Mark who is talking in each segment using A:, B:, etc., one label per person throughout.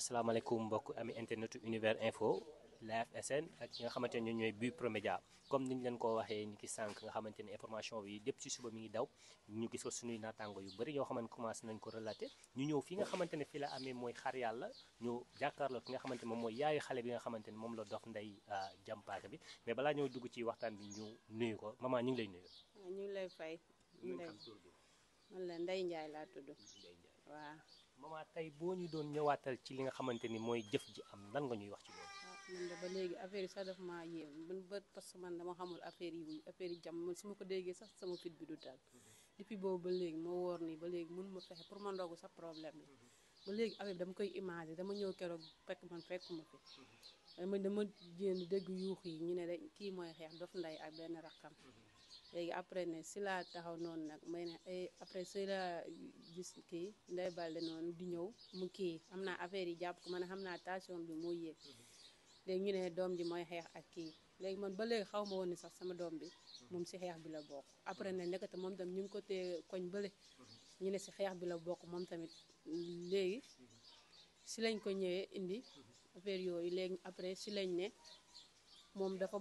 A: asalaamaaleykum mbokk ami internet univers info live SN ak ñi nga xamante ne ñooy Bprod Media comme niñ leen ko waxee ñu ki sànq nga xamante ni information bi lépp ci suba mi ngi daw ñu gis ko suñuy naataango yu bëri yoo xamante commencé nañ ko relaté ñu ñëw fi nga xamante ne fii la amee mooy xar yàlla ñu jàkkaarloo ki nga xamante ne moom mooy yaayu xale bi nga xamante ne moom la dof ndey ah, jàmpaaka bi mais balaa ñëw dugg ci waxtaan bi ñu nuyu ko mamaa ñu ngi lay nuyu.
B: ñu ngi lay fay. man la Ndeye Ndiaye laa tudd. waaw.
A: maman tey boo ñu doon ñëwaatal ci li nga xamante ni mooy jëf ji am lan nga ñuy wax ci loolu.
B: Ah, man ba léegi affaire yi sax daf man ba parce que man dama xamul affaire yi affaire yi su ma ko déggee sax sama fit bi du daal. Mhm. depuis boobu ba léegi moo woor ni ba léegi mënu ma fexe pour ma ndogu sax problème mhm. ba léegi affaire dama koy imaginer dama ñëw keroog fekk man fekkuma fi. Mhm. dama dama jéem dégg yuux yi ñu ne de kii mooy xeex dof nday ak benn rakkam léegi après ne si laa taxaw noonu nag may ne eh, après si laa gis kii Ndeye Balde noonu di ñëw mu kii xam naa affaire yi jàpp ko man xam naa tension bi moo yéeg léegi ñu ne doom ji mooy xeex ak kii léegi man ba léegi xaw ma woon ni sax sama doom bi moom si xeex bi la bokk après ne nekkate moom tam ñu ngi ko téye koñ bale ñu ne si xeex bi la bokk moom tamit léegi si lañ ko ñëwee indi affaire yooyu léegi après si lañ ne moom dafa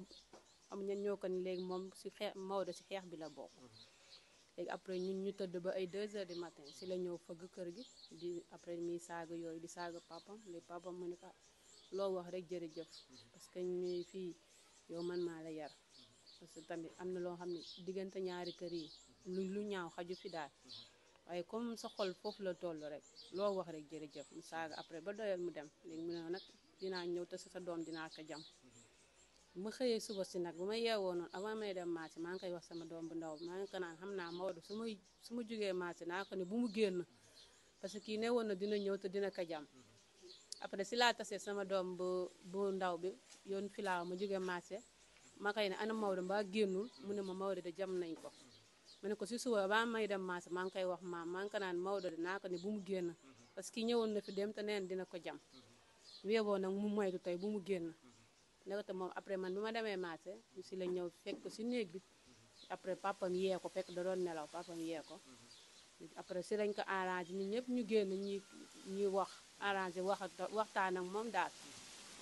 B: am ña ñoo ko ni léegi moom si xeex Maodo si xeex bi la bokk mm-hmm. léegi après ñun ñu tëdd ba ay 2 heures du matin si la ñëw fëgg kër gi di après miy saaga yooyu di saaga papam léegi papam mu ne ko loo wax rek jëf mm-hmm. parce que ñuy fii yow man maa la yar mm-hmm. parce que tamit am na loo xam ne diggante ñaari kër yi lu lu ñaaw xaju fi daal waaye comme sa xol foofu la toll rek loo wax rek jërëjëf mu saaga après ba doyal mu dem léegi mu ne nag dinaa ñëw te sa doom dinaa ko jam ma xëyee suba si nag bu ma yeewoo noonu avant may dem marché maa ngi koy wax sama doom bu ndaw maa naan xam naa Maodo su may su ma jugee marché naa ko ne bu mu génn parce que kii ne woon na dina ñëw te dina ko jam après si laa tasee sama doom bu bu ndaw bi yoon filaaw ma jugee marché ma koy ne ana Maodo mbaa génnul mu ne ma Maodo de jam nañ ko ma ne ko si suba avant may dem marché maa ngi koy wax maam maa ngi ko naan Maodo de naa ko ne bu mu génn parce que kii ñëwoon na fi dem te neen dina ko jam bu yeboo nag mu moytu tey bu mu génn ne ko moom après man bu ma demee marché ñu si la ñëw fekk si néeg bi après papam yee ko fekk da doon nelaw papam yee ko après si lañ ko arrangé ñun ñëpp ñu génn ñu ñuy wax arrangé wax ak waxtaan ak moom daal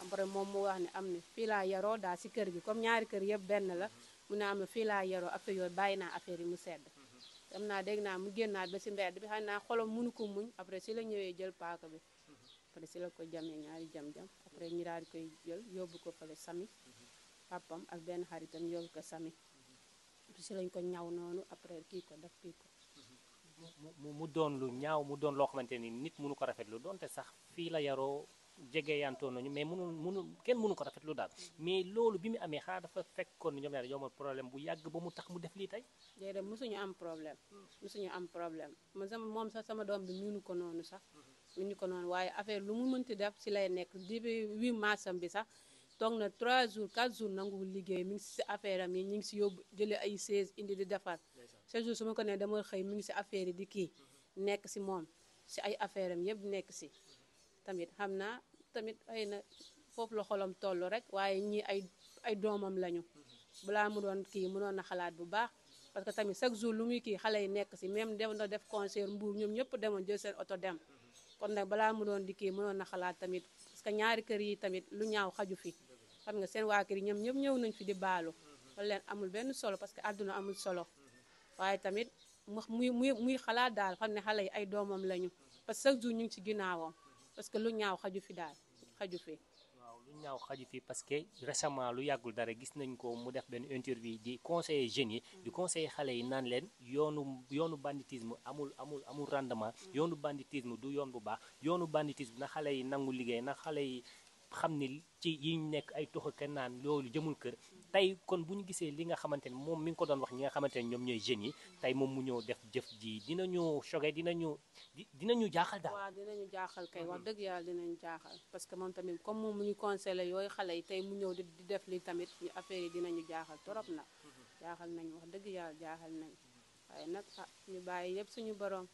B: après moom mu wax ne am na fii laa yaroo daal si kër gi comme ñaari kër yëpp benn la mu ne am na fii laa yaroo affaire yooyu bàyyi naa affaire yi mu sedd mhm. am naa dégg naa mu génnaat ba si mbedd bi xam naa xolam mënu ko muñ après si la ñëwee jël paaka bi après si la ko jamee ñaari jam-jam après ñi daal di koy jël yóbbu ko fële sami papam ak benn xaritam yóbbu ko sami si lañ ko ñaw noonu après kii ko def kii ko
A: mu mu doon lu ñaaw mu doon loo xamante ni nit mënu ko rafetlu doonte sax fii la yaroo jege yantoo nañu mais mënu mënu kenn mënu ko rafetlu daal mais loolu bi mu amee xanaa dafa fekkoon ñoom ñaar yomal problème bu yàgg ba mu tax mu def lii tey.
B: déedéet mosuñu am problème mosuñu am problème moom sax sama doom bi miinu ko noonu sax. uñu ko noonu waaye affaire lu mu mënti def ci lay nekk depuis 8 marsam bi sax toog na trois jours 4 jours nanguwul liggéey mi ngi si affaire am yi ñu ngi si yóbbu jëlee ay 16 indi di defar chaque jour su ko nee dama xëy mi ngi si affaire yi di kii mhm. nekk si moom si ay affaire am yëpp nekk si mhm. tamit xam naa tamit ay na foofu la xolom toll rek waaye ñii ay ay doomam lañu mhm. balaa mu doon kii mënoon na xalaat bu baax parce que tamit chaque jour lu muy kii xale yi nekk si même dem na def concert mbuur ñoom ñëpp demoon jël seen oto dem kon nag balaa mu doon dikkee mënoon na xalaat tamit parce ñaari kër yi tamit lu ñaaw xaju fi xam nga seen waa kër yi ñëpp ñëw nañ fi di baalu wala leen amul benn solo parce que àdduna amul solo waaye tamit muy muy muy xalaat daal xam ne xale yi ay doomam lañu parce que chaque jour ñu ngi ci ginnaawam parce que lu ñaaw xaju fi daal xaju fi
A: lu ñaaw xaju fi parce que récemment lu yàggul dara gis nañ ko mu def benn interview di conseiller jeunes yi di conseil xale yi naan leen yoonu yoonu banditisme amul amul amul rendement yoonu banditisme du yoon bu baax yoonu banditisme na xale yi nangu liggéey na xale yi xam ni ci yi ñu nekk ay toxaka naan loolu jëmul kër tey kon bu ñu gisee li nga xamante ne moom mi ngi ko doon wax ñi nga xamante ne ñoom ñooy jeunes yi tey moom mu ñëw def jëf ji dinañu choqué dinañu dinañu jaaxal daal.
B: waaw ñu jaaxal kay wax dëgg yàlla dinañu jaaxal parce que moom tamit comme moom mu ñu conseillé yooyu xale yi tey mu ñëw di def lii tamit ñu affaire yi dinañu jaaxal trop nag jaaxal nañu wax dëgg yàlla jaaxal nañ waaye nag ah ñu bàyyi yëpp suñu borom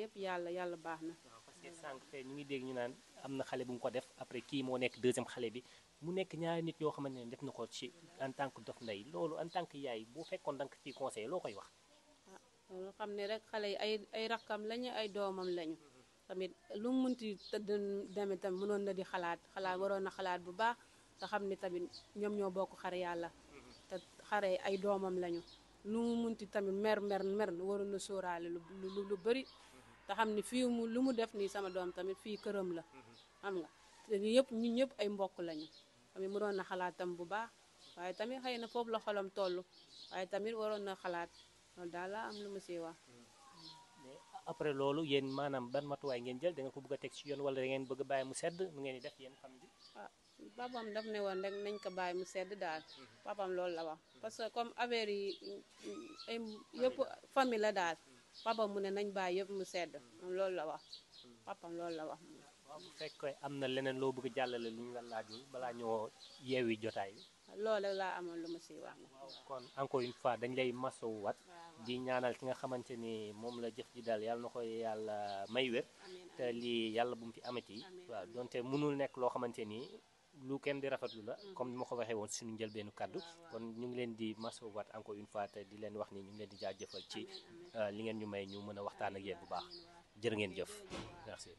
B: yëpp yàlla yàlla baax
A: na parce que sànq ñu ngi dégg ñu naan am na xale bu mu ko def après kii moo nekk deuxième xale bi mu nekk ñaari nit yoo xamante ne def na ko ci en tant que Dof Ndeye loolu en tant que yaay boo fekkoon danga ci conseil loo koy wax
B: ah, loolu xam ne rek xale yi ay ay rakkam lañu ay doomam lañu tamit lu mu munti tëdd demee tamit mënoon na di xalaat xalaat waroon na xalaat bu baax te xam ni tamit ñoom ñoo bokk xar yàlla te yi ay doomam lañu lu mu munti tamit mer mer mer lu lu te xam ni fi mu lu mu def nii sama doom tamit fii këram la xam nga te yëpp ñun ñëpp ay mbokk lañu tamit mu doon na xalaatam bu baax waaye tamit xëy na foofu la xolam toll waaye tamit waroon na xalaat loolu daal la am lu mu siy wax
A: après loolu yéen maanaam ban matuwaay ngeen jël da ko bëgg teg ci yoon wala da ngeen bëgg a mu sedd nu ngeen def yéen xam bi
B: waaw ah, ne woon rek nañ ko bàyyi mu sedd daal papaam loolu la wax parce comme affaire yëpp famille la daal papa mu ne nañ bàyyi yëpp mu sedd loolu la wax papam loolu la wax moom.
A: waaw bu fekkee am na leneen loo bëgg jàllale lu ñu la laajul balaa ñoo yeewi jotaay bi.
B: loolu laa am lu ma siy kon
A: encore une fois dañ lay masowuwaat. di ñaanal ki nga xamante ni moom la jëf ji daal yàlla na ko yàlla may wér. te lii yàlla bu mu fi amati. waaw donte mënul nekk loo xamante nii lu kenn di rafetlu la comme ni ma ko waxee woon suñu njëlbeenu kàddu kon ñu ngi leen di masowaat encore une fois te di leen wax ni ñu ngi leen di jaajëfal ci euh, li ngeen ñu may ñu mën a waxtaan ak yéen bu baax jërë ngeen jëf merci